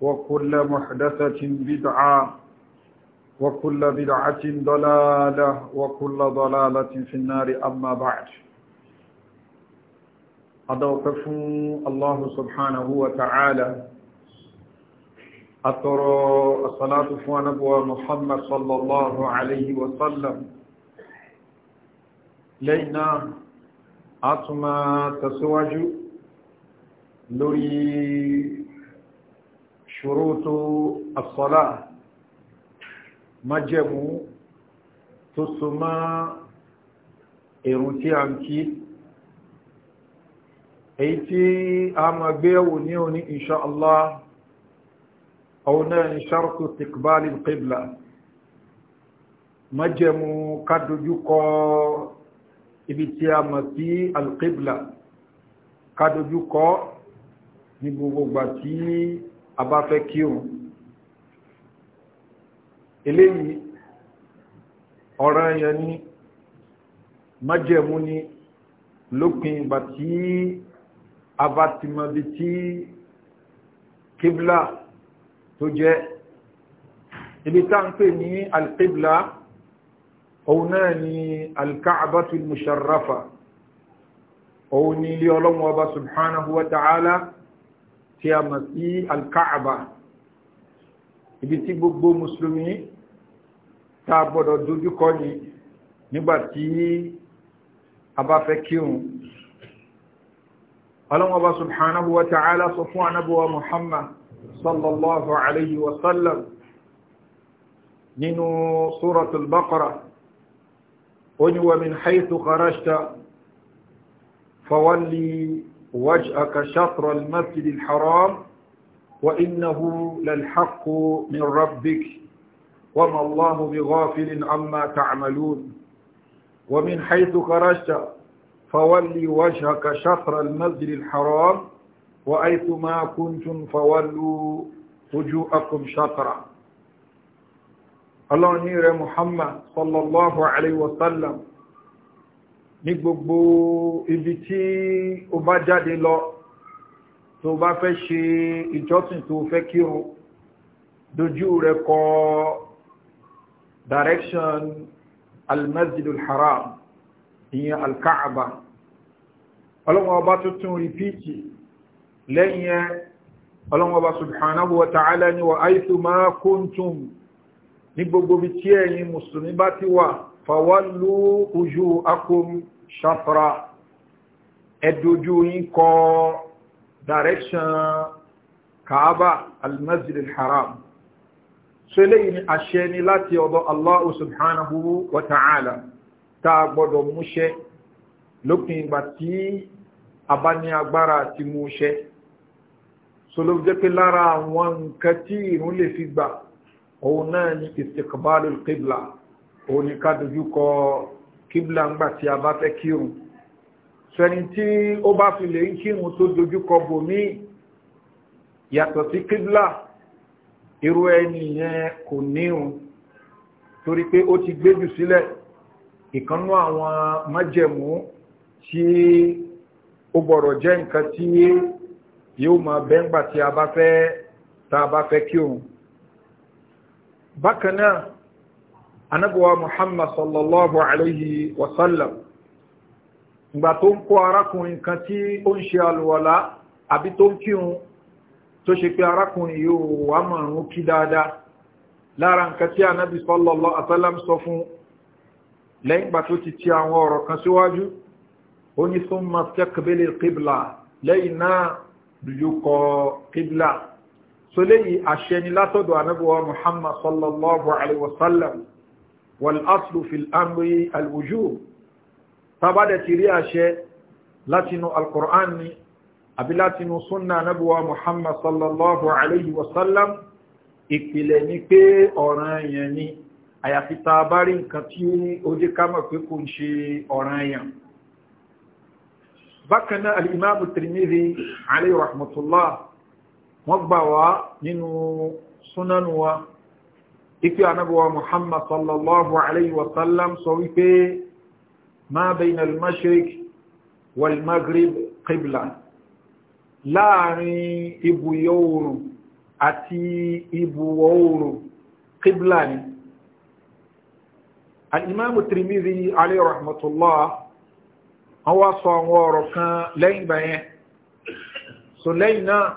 وكل محدثة بدعة وكل بدعة ضلالة وكل ضلالة في النار أما بعد أدوقف الله سبحانه وتعالى أترى الصلاة فوانبوى محمد صلى الله عليه وسلم لينا أتما تسواجو لوري ṣòrótó àsọ́lá májẹ̀mú tó so má èrùn tí a ń kí èyí tí a máa gbé ẹ̀wò ní òní inṣáàlá ọ̀nà ìṣàrùkù tìkbálì kébìlá májẹ̀mú ká ibi tí a mọ̀ sí alkébìlá ká ní gbogbo gbà tí abáfẹ́ kí o eléyìí ọ̀ràn yẹn ní májẹ̀mú ní lópin ìgbà tí abátìmọ̀bí tí kíblà tó jẹ́ ibi tá ń pè ní alkíblà òun náà ni alka'abatul musharrafa òun ni ilé ọlọ́run ọba subhanahu wa ta'ala tí a mọ̀ sí alkaaba ibi tí gbogbo musulmi ta gbọ́dọ̀ dojúkọ ni nígbàtí a bá fẹ́ kírun ọlọ́wọ́ba subhanahu wa ta'ala sọ fún anábọ̀wà muhammad sallallahu alayhi wa sallam nínú suratul baqara ó ní wa min haythu kharajta fawalli وجهك شطر المسجد الحرام وإنه للحق من ربك وما الله بغافل عما تعملون ومن حيث خرجت فولي وجهك شطر المسجد الحرام وأيث ما كنتم فولوا وجوهكم شطرا الله نير محمد صلى الله عليه وسلم ní gbogbo ibi tí o bá jáde lọ tó bá fẹ́ ṣe ìjọsìn tó fẹ́ kírun dojú rẹ kọ direction almasjid alharam ìyẹn alkaaba ọlọ́wọ́n ọba tuntun rìpíìtì lẹ́yìn ọlọ́wọ́n ọba subhanahu wa ta'ala ni wa aithuma kuntum ní gbogbo bí tí ẹ̀yin mùsùlùmí bá ti wà fawallu ujuhakum ṣafra ẹ̀dójú yín kọ direction kaaba almasjid alharam so eléyìí ni àṣẹ ni láti ọ̀dọ̀ allah subhanahu wa ta'ala tá a gbọ́dọ̀ múṣẹ lópin ìgbà tí a bá ní agbára ti múṣẹ so ló jẹ́ pé lára àwọn nǹkan tí ìrun lè fi gbà òun náà ni istiqbalul qibla òun ni ká dojú kọ kíbla ń gbà tí a bá fẹ́ kírun sẹni tí ó bá fi lè ń kírun tó dojúkọ bòmí yàtọ̀ sí kíbla irú ẹni yẹn kò níhun torí pé ó ti gbéjù sílẹ̀ ìkannú àwọn májẹ̀mú tí ó gbọ́dọ̀ jẹ́ nǹkan tí yóò máa bẹ́ńgbà tí a bá fẹ́ tá a bá fẹ́ kírun bákan náà anabuwa muhammad sallallahu alayhi wa sallam ìgbà tó ń kó arákùnrin kan tí ó ń ṣe alùwàlá àbí tó ń kírun tó ṣe pé arákùnrin yóò wà márùn kí dáadáa lára nǹkan tí anabi sallallahu alayhi wa sọ fún lẹ́yìn ìgbà tó ti ti àwọn ọ̀rọ̀ kan síwájú ó ní súnmọ́ tẹ́kẹ̀bẹ́lẹ̀ kíblà lẹ́yìn náà lùyúkọ kíblà so léyìí àṣẹ ni látọ̀dọ̀ anabuwa muhammad sallallahu alayhi wa wàlásù fìlámì alwujú tàbádẹ̀ ti rí àṣẹ látinú alkùrán ni àbí látinú súnà nábúwa muhammad sallallahu alayhi wasallam ìpìlẹ̀ ni pé ọ̀ràn yẹn ni àyàfi tàbá rí nǹkan tí ó jẹ́ ká mọ̀ pé kò ń ṣe ọ̀ràn yẹn bákaná al'imamu tirmidhi alayhi rahmatullah wọ́n gbà wá nínú súnanù wa ikú anabuwa muhammad sallallahu alayhi wa sallam sọ wípé ma bayna al-mashriq wal-maghrib qibla láàrin ibùyọ oòrùn àti ibùwọ̀ oòrùn qibla ni al-imam tirmidhi alayhi rahmatullah àwọn sọ àwọn ọ̀rọ̀ kan lẹ́yìn báyẹn so lẹ́yìn náà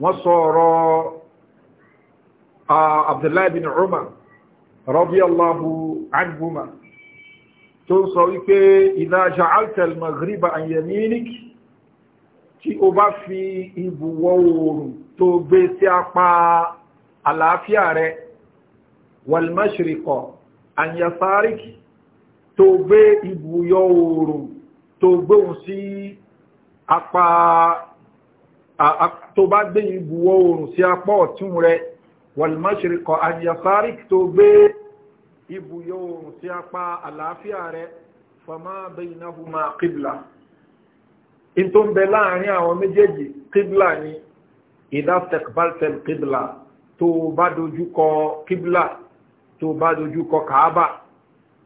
wọ́n sọ ọ̀rọ̀ abdullahi bin umar radiyallahu anhuma tó ń sọ wípé idha ja'alta al-maghriba an yaminik tí o bá fi ibùwọ̀ oòrùn tó gbé sí apá àlàáfíà rẹ wal-mashriqa an yasarik tó gbé ibùyọ oòrùn tó gbóhùn sí apá tó bá gbé ibùwọ̀ oòrùn sí apá ọ̀tún rẹ wàlmọ́ṣirikọ̀ àyàsárík tó gbé ibùyọ oòrùn sí apá àlàáfíà rẹ fama baynahuma qibla in tó ń bẹ láàrin àwọn méjèèjì qibla ni ìdáfẹ́kbaltẹ̀l qibla tó bá dojú kọ qibla tó bá dojú kọ kaaba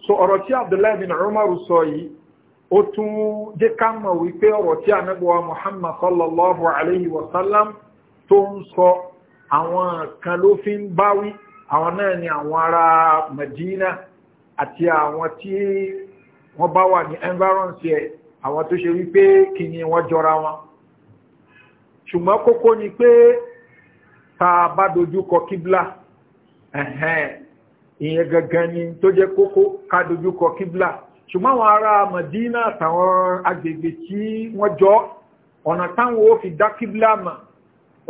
so ọ̀rọ̀ tí abdullahi bin umar sọ yìí ó tún jẹ́ ká mọ̀ wípé ọ̀rọ̀ tí anagbọ́wa muhammad sallallahu alayhi wa sallam tó ń sọ àwọn kan ló fi ń báwí àwọn náà ni àwọn ará Medina àti àwọn tí wọ́n bá wà ní environs ẹ̀ àwọn tó ṣe wípé kí ni wọ́n jọra wọn ṣùgbọ́n kókó ni pé tá a bá dojú kọ kíblà ẹ̀hẹ́n ìyẹn gangan ni tó jẹ́ kókó ká dojú kọ kíblà ṣùgbọ́n àwọn ará Medina àtàwọn agbègbè tí wọ́n jọ ọ̀nà táwọn ó fi dá kíblà mọ̀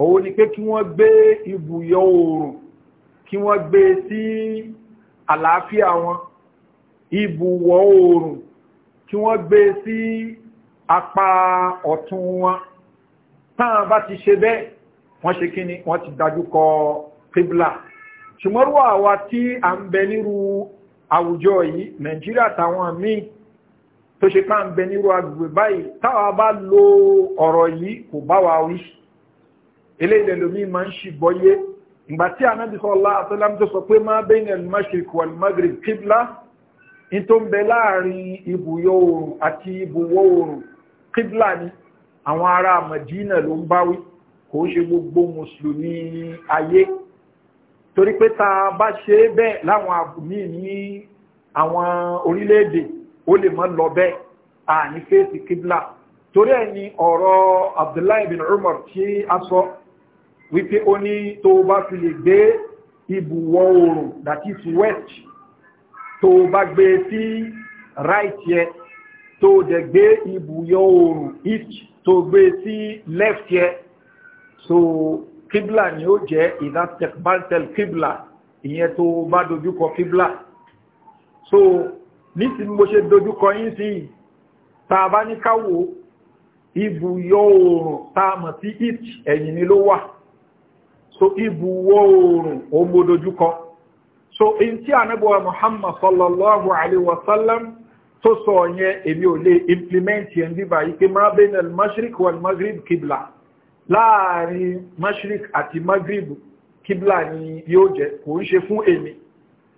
òun ni pé kí wọ́n gbé ibùyọ oòrùn kí wọ́n gbé sí àlàáfíà wọn ibùwọ̀ oòrùn kí wọ́n gbé sí apá ọ̀tún wọn táwọn bá ti ṣe bẹ́ẹ̀ wọ́n ṣe kí ni wọ́n ti dájú kọ pébìlà ṣùgbọ́n rú àwa tí a ń bẹ nírú àwùjọ yìí nàìjíríà táwọn míì tó ṣe ká ń bẹ nírú agbègbè báyìí táwa bá lo ọ̀rọ̀ yìí kò bá wa wí eléyìí lẹ́lòmí máa ń ṣì bọ́yé ìgbà tí anábì sallallahu alaihi wasallam tó sọ pé ma bayna al-mashriq wal-maghrib qibla ní tó ń bẹ láàrin ibùyọ oòrùn àti ibùwọ̀ oòrùn qibla ni àwọn ará Madina ló ń báwí kò ń ṣe gbogbo mùsùlùmí ayé torí pé tá bá ṣe bẹ́ẹ̀ láwọn àbùmí ní àwọn orílẹ̀-èdè ó lè má lọ bẹ́ẹ̀ àní fèsì qibla torí ẹ̀ ni ọ̀rọ̀ Abdullahi bin Umar tí a sọ wípé ó ní tó bá fi lè gbé ibùwọ̀ oòrùn that is west tó bá gbé e sí right yẹ tó dẹ̀ gbé ibùyọ oòrùn east tó gbé e sí left yẹ so kibla ni ó jẹ́ ìdásẹ̀kbáńtẹ̀l kibla ìyẹn tó bá dojúkọ kibla. so nísìn mo ṣe dojúkọ yín sí tá a bá ní káwò ibùyọ oòrùn tá a mọ̀ sí east ẹ̀yìn ni ló wà so ibùwọ̀ oòrùn ó mú dojúkọ so in tí ànábọ̀wà muhammad sallallahu alaihi wasallam tó sọ yẹn èmi ò lè implement yẹn bíbá yìí pé máa bẹ́ẹ̀ nẹ́l mashrik wal maghrib kibla láàrin mashrik àti maghrib kibla ni yóò jẹ kò ń ṣe fún èmi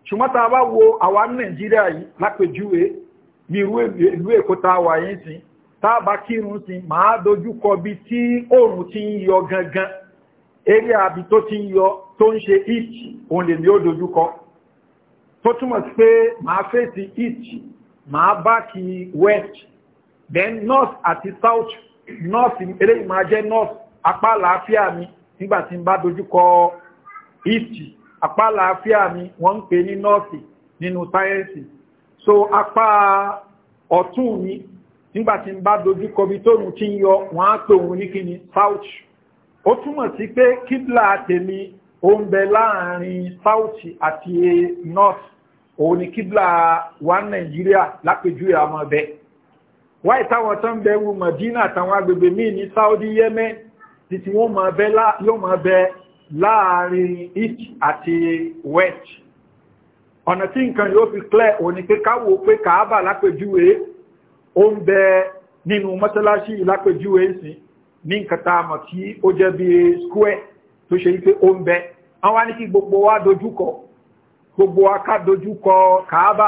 ṣùgbọ́n tá a bá wo àwa nàìjíríà yìí lápèjúwe ní ìlú èkó tá a wà yín sí tá a bá kírun sí máa dojúkọ bí tí oòrùn ti ń yọ gangan eré àbí tó ti ń yọ tó ń ṣe it òun lè ní ó dojúkọ tó túmọ̀ sí pé màá fèsì it màá bá kí west then north àti south north eléyìí máa jẹ́ north apá àlàáfíà mi nígbà tí n bá dojúkọ east apá àlàáfíà mi wọ́n ń pè ní north nínú sáyẹ́ǹsì so apá ọ̀tún mi nígbà tí n bá dojúkọ bí tóun ti ń yọ wọ́n á pè òun ní kíni south ó túmọ̀ sí pé kíbla tèmi ó ń bẹ láàrin south àti north òun ni kíbla wa nàìjíríà lápèjúwe àmọ́ bẹ́ẹ̀ wáyé táwọn tó ń bẹ̀rù Madina àtàwọn agbègbè míì ní Saudi Yemen títí wọ́n máa bẹ láàrin east àti west ọ̀nà tí nǹkan yóò fi clear òní pé káwò pé kàábà lápèjúwe ó ń bẹ nínú mọ́sálásí lápèjúwe sí ní nǹkan tá a mọ̀ tí ó jẹ́ bí square tó ṣe wípé ó ń bẹ àwọn ní kí gbogbo wa dojúkọ gbogbo wa ká dojúkọ kàábà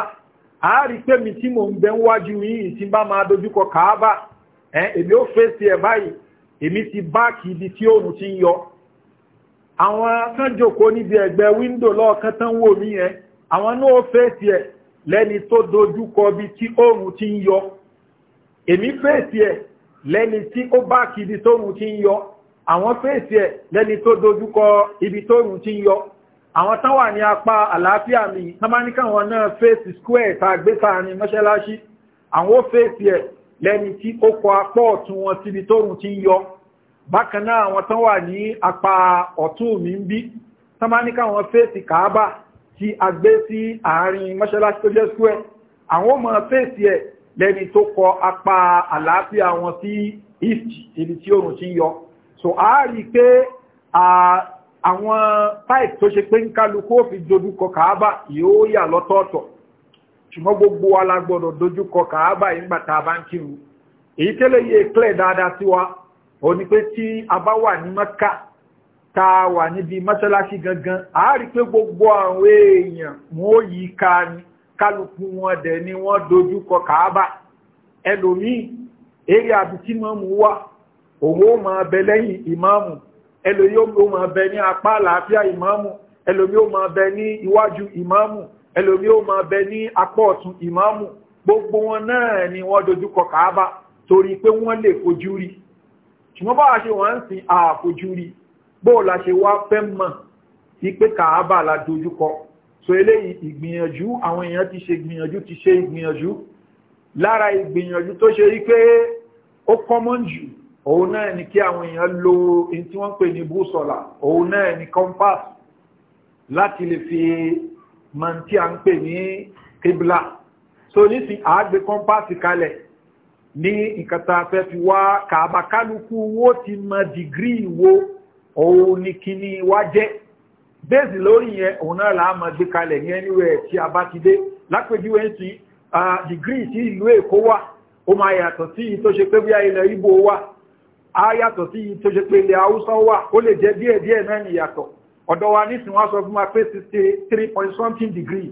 a rí pé mi tí mò ń bẹ ń wájú yìí tí bá máa dojúkọ kàábà ẹ èmi ó fèsì ẹ báyìí èmi ti báàkì ibi tí òòrùn ti ń yọ àwọn kan níbi ẹ̀gbẹ́ wíńdò lọọkan tán wò mí yẹn àwọn náà ó fèsì ẹ lẹni tó dojúkọ ibi tí òòrùn ti ń yọ èmi fèsì ẹ lẹ́ni tí ó bá kí ibi tóòrùn ti ń yọ àwọn fèsì ẹ̀ lẹ́ni tó dojúkọ ibi tóòrùn ti ń yọ àwọn tán wà ní apá àlàáfíà mi támánikà wọn náà fèsì square tá a gbé sáàrin mọ́ṣáláṣí àwọn ó fèsì ẹ̀ lẹ́ni tí ó kọ apá ọ̀tún wọn síbi tóòrùn ti ń yọ bákan náà àwọn tán wà ní apá ọ̀tún mi ń bí támánikà wọn fèsì kàábà tí a sí àárín mọ́ṣáláṣí tó jẹ́ square àwọn ó fèsì ẹ̀ lẹ́ni tó kọ apá àlàáfíà wọn sí east ibi tí oòrùn ti yọ so a rí pé àwọn pipe tó ṣe pé ń kálukú ó fi dojúkọ kàábà yóò yà lọ́tọ̀ọ̀tọ̀ ṣùgbọ́n gbogbo wa dojúkọ kàábà yìí nígbà a bá ń kírun èyí tẹ́lẹ̀ yìí clear dáadáa sí wa ò ní pé tí a bá wà ní mọ́kà tá a wà níbi mọ́ṣáláṣí gangan a rí pé gbogbo àwọn èèyàn wọn ó yí ká ni kálukú wọn dẹ̀ ni wọ́n dojúkọ kàábà ẹlòmíì eré àbítí mọ́mù wà òun ó máa bẹ lẹ́yìn ìmáàmù ẹlòmíì ó máa bẹ ní apá àlàáfíà ìmáàmù ẹlòmíì ó máa bẹ ní iwájú ìmáàmù ẹlòmíì ó máa bẹ ní apá ọ̀tún ìmáàmù gbogbo wọn náà ni wọ́n dojúkọ kàábà torí pé wọ́n lè fojú rí ṣùgbọ́n bá a ṣe wọ́n ń sin àfojú rí bóòlà ṣe wá fẹ́ mọ̀ sí pé kàábà la dojúkọ so eléyìí ìgbìyànjú àwọn èèyàn ti ṣe ìgbìyànjú ti ṣe ìgbìyànjú lára ìgbìyànjú tó ṣe rí pé ó common jù òun náà ni kí àwọn èèyàn lo in tí wọ́n pè ní búsọ̀là òun náà ni compass láti lè fi mọ̀ tí a ń pè ní kibla so nísìn àágbé compass kalẹ̀ ní ìkàtà afẹ́ fi wá kàbàkálukú wó ti mọ dìgírì wo òun ni kíní wá jẹ́ bẹ́ẹ̀sì lórí yẹn òun náà là á máa gbé kalẹ̀ ní anywhere tí a bá ti dé lápèjúwe ti dìgírì tí ìlú èkó wà ó máa yàtọ̀ sí i tó ṣe pé bí ilẹ̀ ibo wà á yàtọ̀ sí i tó ṣe pé ilẹ̀ haúsá wà ó lè jẹ́ díẹ̀ díẹ̀ náà ní yàtọ̀ ọ̀dọ̀ wa nísìnyí wọ́n sọ fún wa pé sixty three point something degree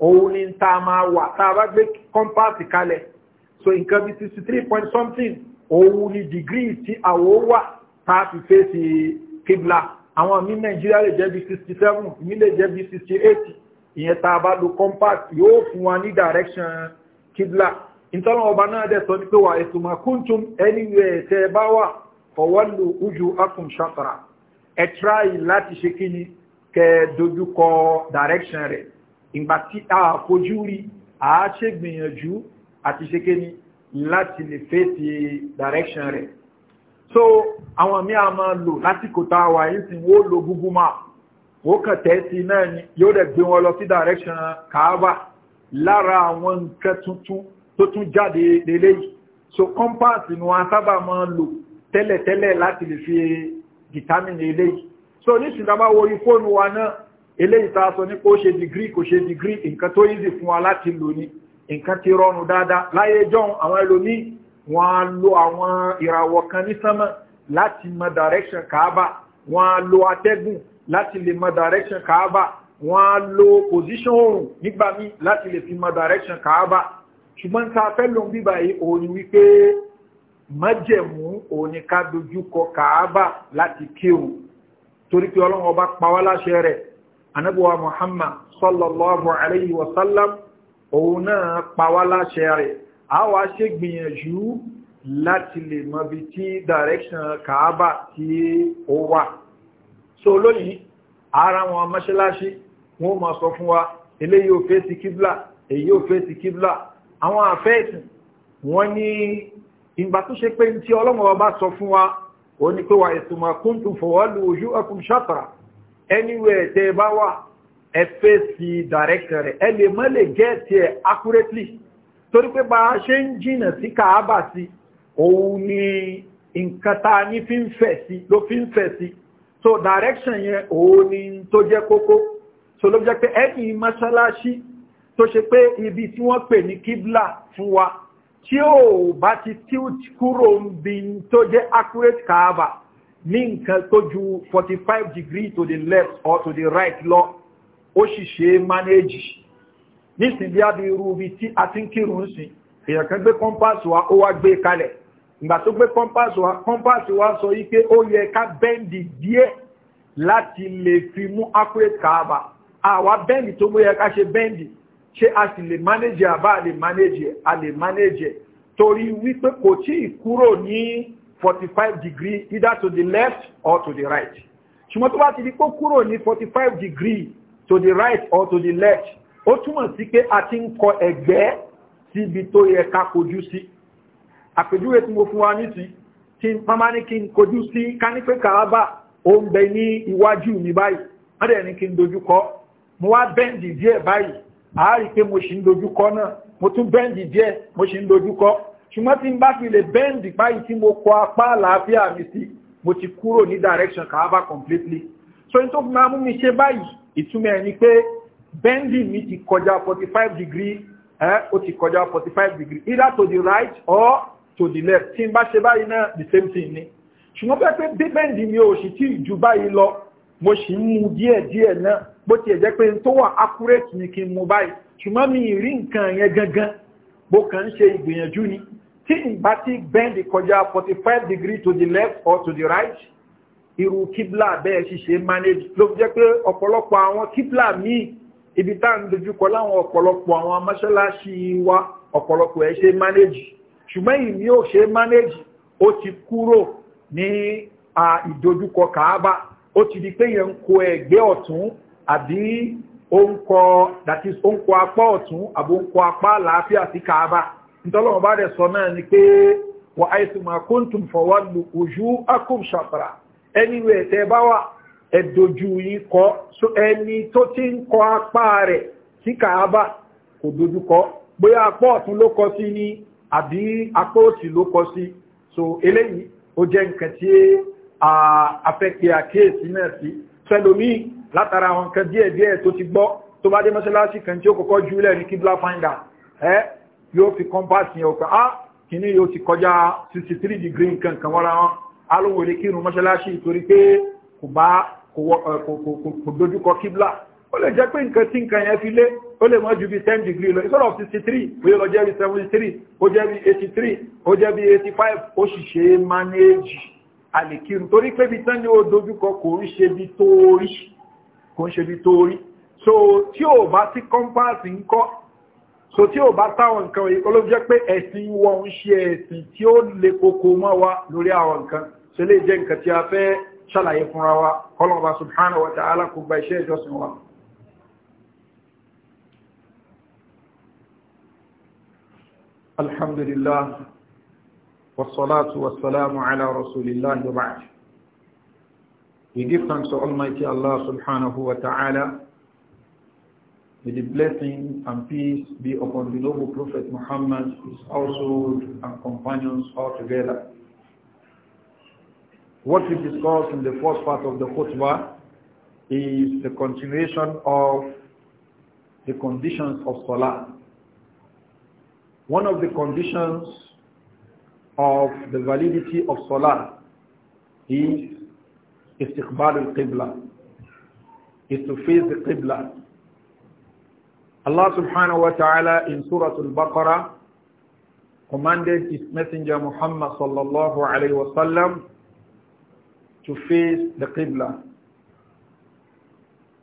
òun ni ta a máa wà tá a bá gbé kọ́mpáàsì kalẹ̀ so nǹkan bí sixty three point something òun ni dìgírì tí àwọ̀ wà tá a fi fèsì kíbla àwọn mí nàìjíríà lè jẹ́ bí sixty seven mí lè jẹ́ bí sixty eight ìyẹn tá a bá lo compact yóò fún wa ní direction kibla ìtọ́nà ọba náà dẹ̀ sọ ní pé wà ètò màkúntùm anywhere tẹ́ ẹ bá wà fọwọ́lù ojú akùn ṣàtàrà ẹ try láti ṣe kí ni kẹ dojúkọ direction rẹ̀ ìgbà tí a fojú rí a ṣègbìyànjú àti ṣe kí ni láti lè fèsì direction rẹ̀ so àwọn míì a máa lò lásìkò tá a wà yìí sì wọ́n lo google map wọ́n kàn tẹ́sí náà ni yóò dẹ̀ gbé wọn lọ sí direction kaaba lára àwọn nǹkan tuntun tó tún jáde lélẹ́yìí so compass ni wọn sábà máa lò tẹ́lẹ̀tẹ́lẹ̀ láti lè fi determine eléyìí so nísìnyí tá bá wo orí fóònù wa náà eléyìí tá a sọ nípa ó ṣe dìgírì kò ṣe dìgírì nǹkan tó easy fún wa láti lò ní nǹkan ti rọrùn dáadáa láyé jọ́un àwọn ẹlòmíì wọ́n á lo àwọn ìràwọ̀ kan ní sánmà láti mọ direction kaaba wọ́n á lo atẹ́gùn láti lè mọ direction kaaba wọ́n lo position oòrùn nígbà míì láti lè fi mọ direction kaaba ṣùgbọ́n tá fẹ́ lòun bíbà yìí òun ni wípé májẹ̀mú òun ni ká dojú kọ kàábà láti kírun torí pé ọlọ́run ọba pàwọ́ láṣẹ rẹ̀ anábíwá muhammad sallallahu alayhi wa sallam òun náà pàwọ́ láṣẹ rẹ̀ a wá ṣe gbìyànjú láti lè mọ̀bí tí direction kaaba tí ó wà so lónìí ara wọn mọ́ṣáláṣí wọ́n máa sọ fún wa eléyìí ò fẹ́ ti kíblà èyí ò fẹ́ ti kíblà àwọn àfẹ́ẹ̀sì wọ́n ní ìgbà tó ṣe pé tí ọlọ́mọ̀ ọba sọ fún wa ó ní pé wà ìtumọ̀ kúntùn fọwọ́lù ojú ọkùn ṣàtàrà anywhere tẹ́ bá wà ẹ fẹ́ sí director ẹ lè mọ́ lè gẹ́ẹ̀tì ẹ̀ accurately torí pé bá ṣe ń jìnà sí kàábà sí òun ni nǹkan ta ní fi ń fẹ̀ sí ló fi ń fẹ̀ sí so direction yẹn òun ni tó jẹ́ kókó so ló jẹ́ pé ẹ̀yìn mọ́ṣáláṣí tó ṣe pé ibi tí wọ́n pè ní kíblà fún wa tí ó bá ti tilt kúrò ń bi tó jẹ́ accurate kàábà ní nǹkan tó ju 45 degree to the left or to the right lọ ó sì ṣe manage nísìn bí ábí irú ibi tí a ti ń kírun sí èèyàn kan gbé kọ́mpáàsì wa ó wá gbé kalẹ̀ ìgbà tó gbé kọ́mpáàsì wa kọ́mpáàsì wa sọ yí pé ó yẹ ká bẹ́ǹdì díẹ̀ láti lè fi mú accurate kaaba àwa bẹ́ǹdì tó mú yẹ ká ṣe bẹ́ǹdì ṣé a sì lè manage e àbá e? a lè manage a lè manage torí wípé kò tí ì kúrò ní forty five degree either to the left or to the right ṣùgbọ́n tó bá ti di pé kúrò ní forty five degree to the right or to the left ó túmọ̀ sí pé a ti ń kọ ẹ̀gbẹ́ síbi tó yẹ ká kojú sí àpèjúwe tí mo fún wa ní sí tí n pàmà ní kí n kojú sí ká ní pé kàábà ó ń bẹ ní iwájú mi báyìí wọ́n dẹ̀ ní kí n dojúkọ mo wá bẹ́ǹdì díẹ̀ báyìí àárí pé mo ṣì ń dojúkọ náà mo tún bẹ́ǹdì díẹ̀ mo ṣì ń dojúkọ ṣùgbọ́n tí n bá fi lè bẹ́ǹdì báyìí tí mo kọ apá àlàáfíà mi sí mo ti kúrò ní direction kàábà completely so n tó fi máa mú mi ṣe báyìí ìtumọ̀ ẹ̀ ni pé Bending mi ti kọjá forty five degree ẹ ó ti kọjá forty five degree either to the right or to the left tí n bá ṣe báyìí náà the same thing ni ṣùgbọ́n pé pé bí mi ò sì tí ju báyìí lọ mo sì ń mu díẹ̀ díẹ̀ náà bó tiẹ̀ jẹ́ pé n tó wà accurate ni kí n mu báyìí ṣùgbọ́n mi rí nǹkan yẹn gangan bó kàn ń ṣe ìgbìyànjú ni tí n bá ti bẹ́ndì kọjá forty five degree to the left or to the right irú kibla bẹ́ẹ̀ ṣiṣẹ́ manage ló fi jẹ́ pé ọ̀pọ̀lọpọ̀ àwọn kíblà míì ibi tá à ń dojúkọ láwọn ọ̀pọ̀lọpọ̀ àwọn mọ́ṣáláṣí wa ọ̀pọ̀lọpọ̀ ẹ̀ ṣe mánéjì ṣùgbọ́n ìní ò ṣe mánéjì ó ti kúrò ní ìdojúkọ kàába ó ti di pé yẹn ń kó ẹgbẹ́ ọ̀tún àbí ó that is ó ń kọ apá ọ̀tún àbò ń kọ apá àlàáfíà sí kaaba nítọ́lọ́wọ́ bá rẹ̀ sọ náà ni pé wà áìsùn máa kó fọwọ́ lu ojú akób ṣàfàrà tẹ́ bá wà ẹ̀dójú yìí kọ́ so ẹni tó ti ń kọ apá rẹ̀ sí kàábà kò dojú kọ bóyá apá ọ̀tún ló kọ sí ní àbí apá òsì ló kọ sí so eléyìí ó jẹ́ nǹkan tí afẹ́kẹ́ àkíyèsí náà sí sẹlòmí látara àwọn nǹkan díẹ̀díẹ̀ tó ti gbọ́ tó bá dé mọ́ṣáláṣí kan tí ó kọ́kọ́ júlẹ̀ ní kíbla fáńdà ẹ́ yóò fi kọ́mpáàsì yẹn ọ̀pẹ́ á ah, kìíní yóò ti kọjá 63 degree nǹkan kan wọ́ra wọn alóhùn èlé kírun mọ́ṣáláṣí torí pé kò bá kò dojúkọ kíblà ó lè jẹ́ pé nǹkan tí nǹkan yẹn fi lé ó lè mọ́ ju bí 10 degree lọ instead of 63 bóyá lọ jẹ́ bí 73 ó jẹ́ bí 83 ó jẹ́ bí 85 ó sì ṣe manage àlèkírun torí pé bí tán ni ó dojúkọ kò ń ṣe bí tóórí kò ń ṣe bí tóórí so tí ò bá sí kọ́mpáàsì ń kọ́ so tí ò bá táwọn nǹkan wọ̀nyí ó ló jẹ́ pé ẹ̀sìn wọn ń ṣe ẹ̀sìn tí ó le koko mọ́ wa lórí àwọn nǹkan ṣe lè jẹ́ nǹkan tí a fẹ́ ṣàlàyé fúnra wa kọlọ̀ọ̀bá subhanahu wa ta'ala kò gba iṣẹ́ ìjọsìn wa alhamdulillah wa salamu ala rasulillah wa ba'd we give thanks to almighty allah subhanahu wa ta'ala May the blessing and peace be upon the noble Prophet Muhammad, his household and companions all together. What we discussed in the first part of the khutbah is the continuation of the conditions of Salah. One of the conditions of the validity of Salah is istiqbal al-qibla, is to face the qibla. Allah subhanahu wa ta'ala in Surah Al-Baqarah commanded his messenger Muhammad sallallahu alayhi wa sallam to face the Qibla.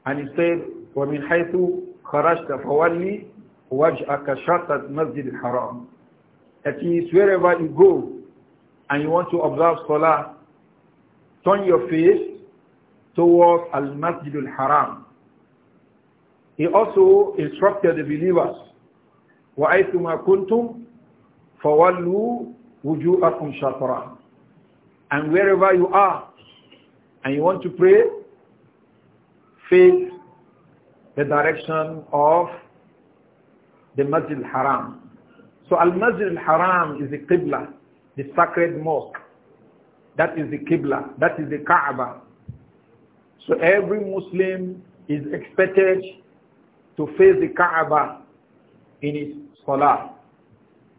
And he said, وَمِنْ حَيْثُ خَرَجْتَ فَوَلِّ وَجْهَكَ شَطَتْ مَسْجِدِ الْحَرَامِ That is, wherever you go and you want to observe Salah, turn your face towards Al-Masjid Al-Haram. He also instructed the believers, وَأَيْثُمَا كُنْتُمْ فَوَلُّوا وُجُوءَكُمْ شَطْرًا And wherever you are, and you want to pray, face the direction of the Masjid al-Haram. So al-Masjid al-Haram is the Qibla, the sacred mosque. That is the Qibla, that is the Kaaba. So every Muslim is expected to face the Kaaba in his Salah.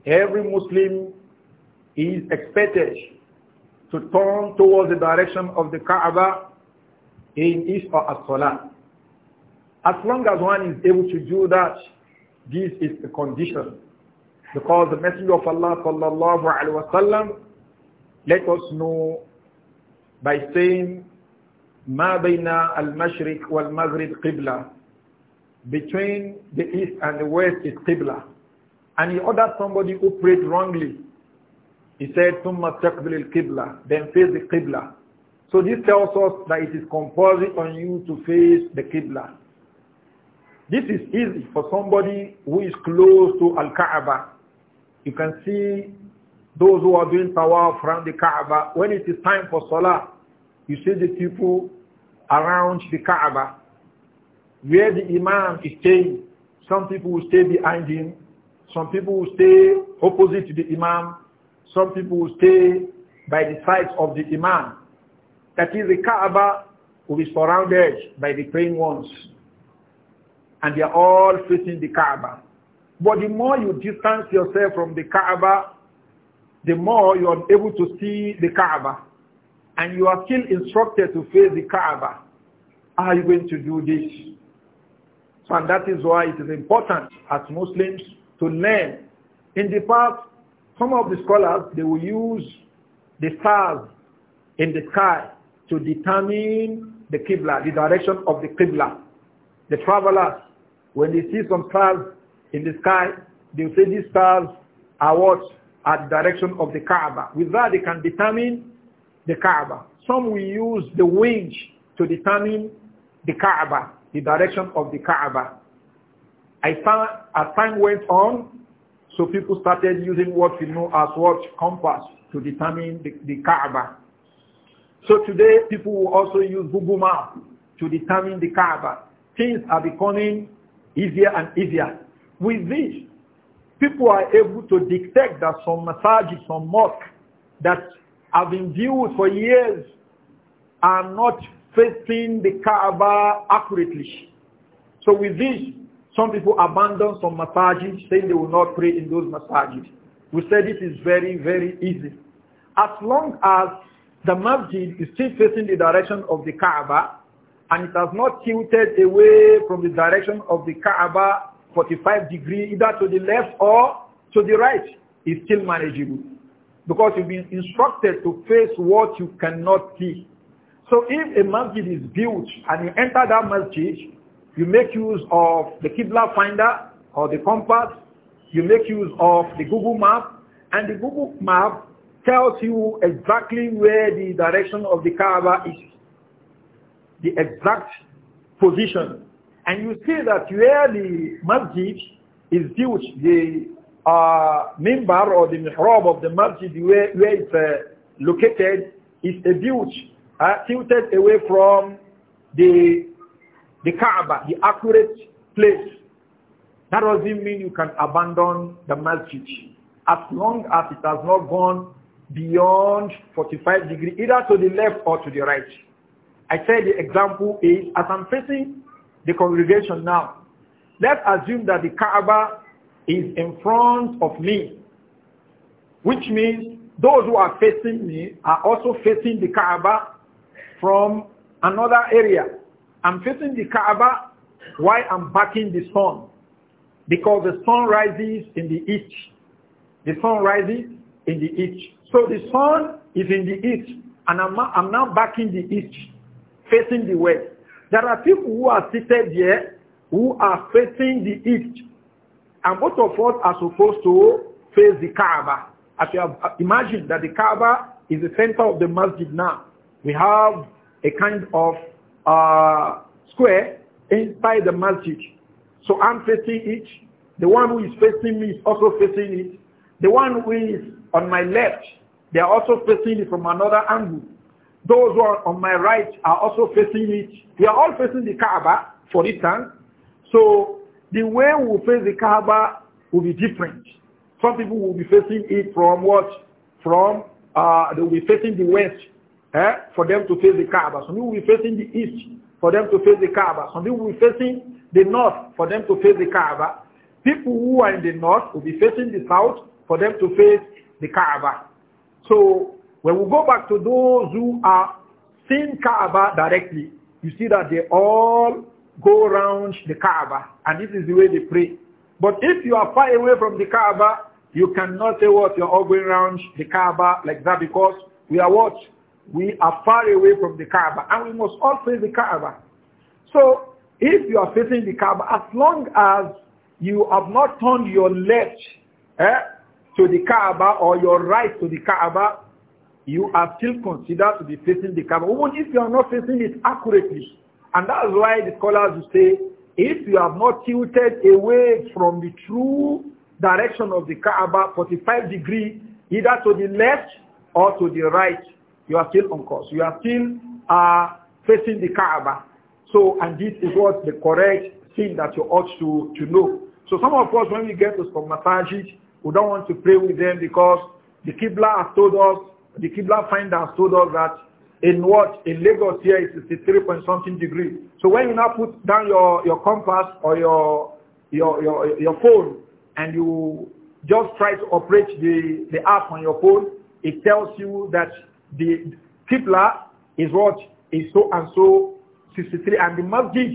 Every Muslim is expected to turn towards the direction of the Kaaba in east or as salah. As long as one is able to do that, this is the condition. Because the Messenger of Allah sallallahu let us know by saying ما بين المشرق والمغرب قبلة between the east and the west is Qibla. And he ordered somebody who prayed wrongly he said, ثُمَّ تَقْبِلِ الْقِبْلَةِ Then face the Qibla. So this tells us that it is compulsory on you to face the Qibla. This is easy for somebody who is close to Al-Kaaba. You can see those who are doing tawaf around the Kaaba. When it is time for Salah, you see the people around the Kaaba. Where the Imam is staying, some people will stay behind him, some people will stay opposite to the Imam, some people will stay by the side of the imam. That is the Kaaba will be surrounded by the praying ones. And they are all facing the Kaaba. But the more you distance yourself from the Kaaba, the more you are able to see the Kaaba. And you are still instructed to face the Kaaba. How are you going to do this? So, and that is why it is important as Muslims to learn. In the past, some of the scholars, they will use the stars in the sky to determine the Qibla, the direction of the Qibla. The travelers, when they see some stars in the sky, they will say these stars are what? At the direction of the Kaaba. With that, they can determine the Kaaba. Some will use the wind to determine the Kaaba, the direction of the Kaaba. As time went on, so people started using what we know as what compass to determine the, the Kaaba. So today people will also use Google Map to determine the Kaaba. Things are becoming easier and easier. With this, people are able to detect that some masajid, some marks that have been viewed for years are not facing the Kaaba accurately. So with this, some people abandon some massages, saying they will not pray in those massages. We said it is very, very easy. As long as the masjid is still facing the direction of the Kaaba, and it has not tilted away from the direction of the Kaaba 45 degrees either to the left or to the right, is still manageable. Because you've been instructed to face what you cannot see. So if a masjid is built and you enter that masjid, you make use of the Qibla finder or the compass. You make use of the Google map. And the Google map tells you exactly where the direction of the Kaaba is. The exact position. And you see that where the masjid is built, the uh, or the mihrab of the masjid where, where it's uh, located is a built, uh, tilted away from the the Kaaba, the accurate place. That doesn't mean you can abandon the masjid as long as it has not gone beyond 45 degrees, either to the left or to the right. I said the example is, as I'm facing the congregation now, let's assume that the Kaaba is in front of me, which means those who are facing me are also facing the Kaaba from another area. I'm facing the Kaaba while I'm backing the sun. Because the sun rises in the east. The sun rises in the east. So the sun is in the east. And I'm, I'm now backing the east, facing the west. There are people who are seated here who are facing the east. And both of us are supposed to face the Kaaba. As you have imagined that the Kaaba is the center of the masjid now. We have a kind of uh, square inside the masjid. So I'm facing it. The one who is facing me is also facing it. The one who is on my left, they are also facing it from another angle. Those who are on my right are also facing it. We are all facing the Kaaba, for this time. So the way we face the Kaaba will be different. Some people will be facing it from what? From, uh, they will be facing the west eh, for them to face the Kaaba. Some people will be facing the east for them to face the Kaaba. Some people will be facing the north for them to face the Kaaba. People who are in the north will be facing the south for them to face the Kaaba. So when we go back to those who are seeing Kaaba directly, you see that they all go around the Kaaba and this is the way they pray. But if you are far away from the Kaaba, you cannot say what you're all going around the Kaaba like that because we are what? we are far away from the Kaaba and we must all face the Kaaba. So if you are facing the Kaaba, as long as you have not turned your left eh, to the Kaaba or your right to the Kaaba, you are still considered to be facing the Kaaba, even if you are not facing it accurately. And that is why the scholars say, if you have not tilted away from the true direction of the Kaaba, 45 degrees, either to the left or to the right, you are still on course. You are still uh, facing the Kaaba. So, and this is what the correct thing that you ought to, to know. So some of us, when we get to some masajid, we don't want to pray with them because the Qibla has told us, the Qibla finder has told us that in what? In Lagos here, it's 63 point something degree. So when you now put down your, your compass or your, your, your, your phone and you just try to operate the, the app on your phone, it tells you that the Qibla is what is so and so 63 and the masjid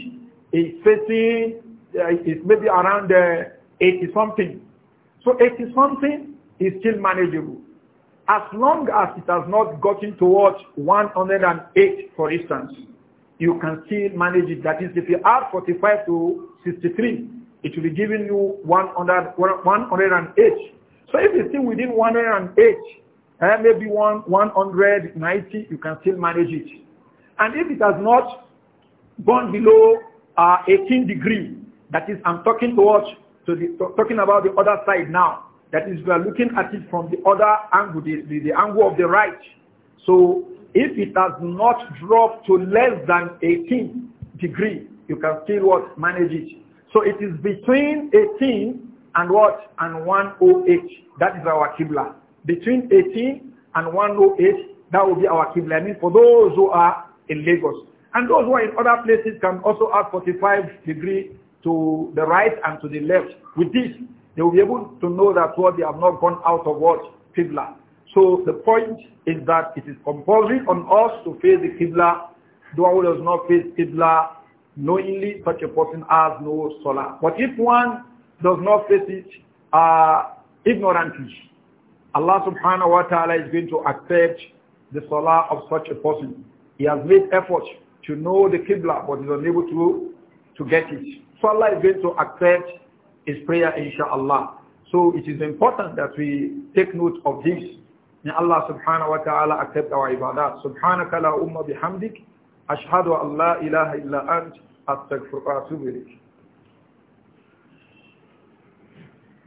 is facing uh, is maybe around uh, 80 something. So 80 something is still manageable. As long as it has not gotten towards 108, for instance, you can still manage it. That is, if you add 45 to 63, it will be giving you 100, 108. So if it's still within 108, and eh, maybe one, 190, you can still manage it. And if it has not gone below uh, 18 degree, that is, I'm talking towards, to the, to, talking about the other side now. That is, we are looking at it from the other angle, the, the, the angle of the right. So if it has not dropped to less than 18 degree, you can still what manage it. So it is between 18 and what and 108. That is our Qibla between 18 and 108, that will be our Qibla. I mean, for those who are in Lagos. And those who are in other places can also add 45 degree to the right and to the left. With this, they will be able to know that what they have not gone out of what? Qibla. So the point is that it is compulsory on us to face the Qibla. The who does not face Qibla knowingly, such a person has no salah. But if one does not face it uh, ignorantly, Allah subhanahu wa ta'ala is going to accept the salah of such a person. He has made effort to know the Qibla but is unable to, to get it. So Allah is going to accept his prayer inshallah. So it is important that we take note of this. May Allah subhanahu wa ta'ala accept our ibadah. Subhanaka la umma bihamdik. Ashhadu an la ilaha illa ant. Astaghfirullah.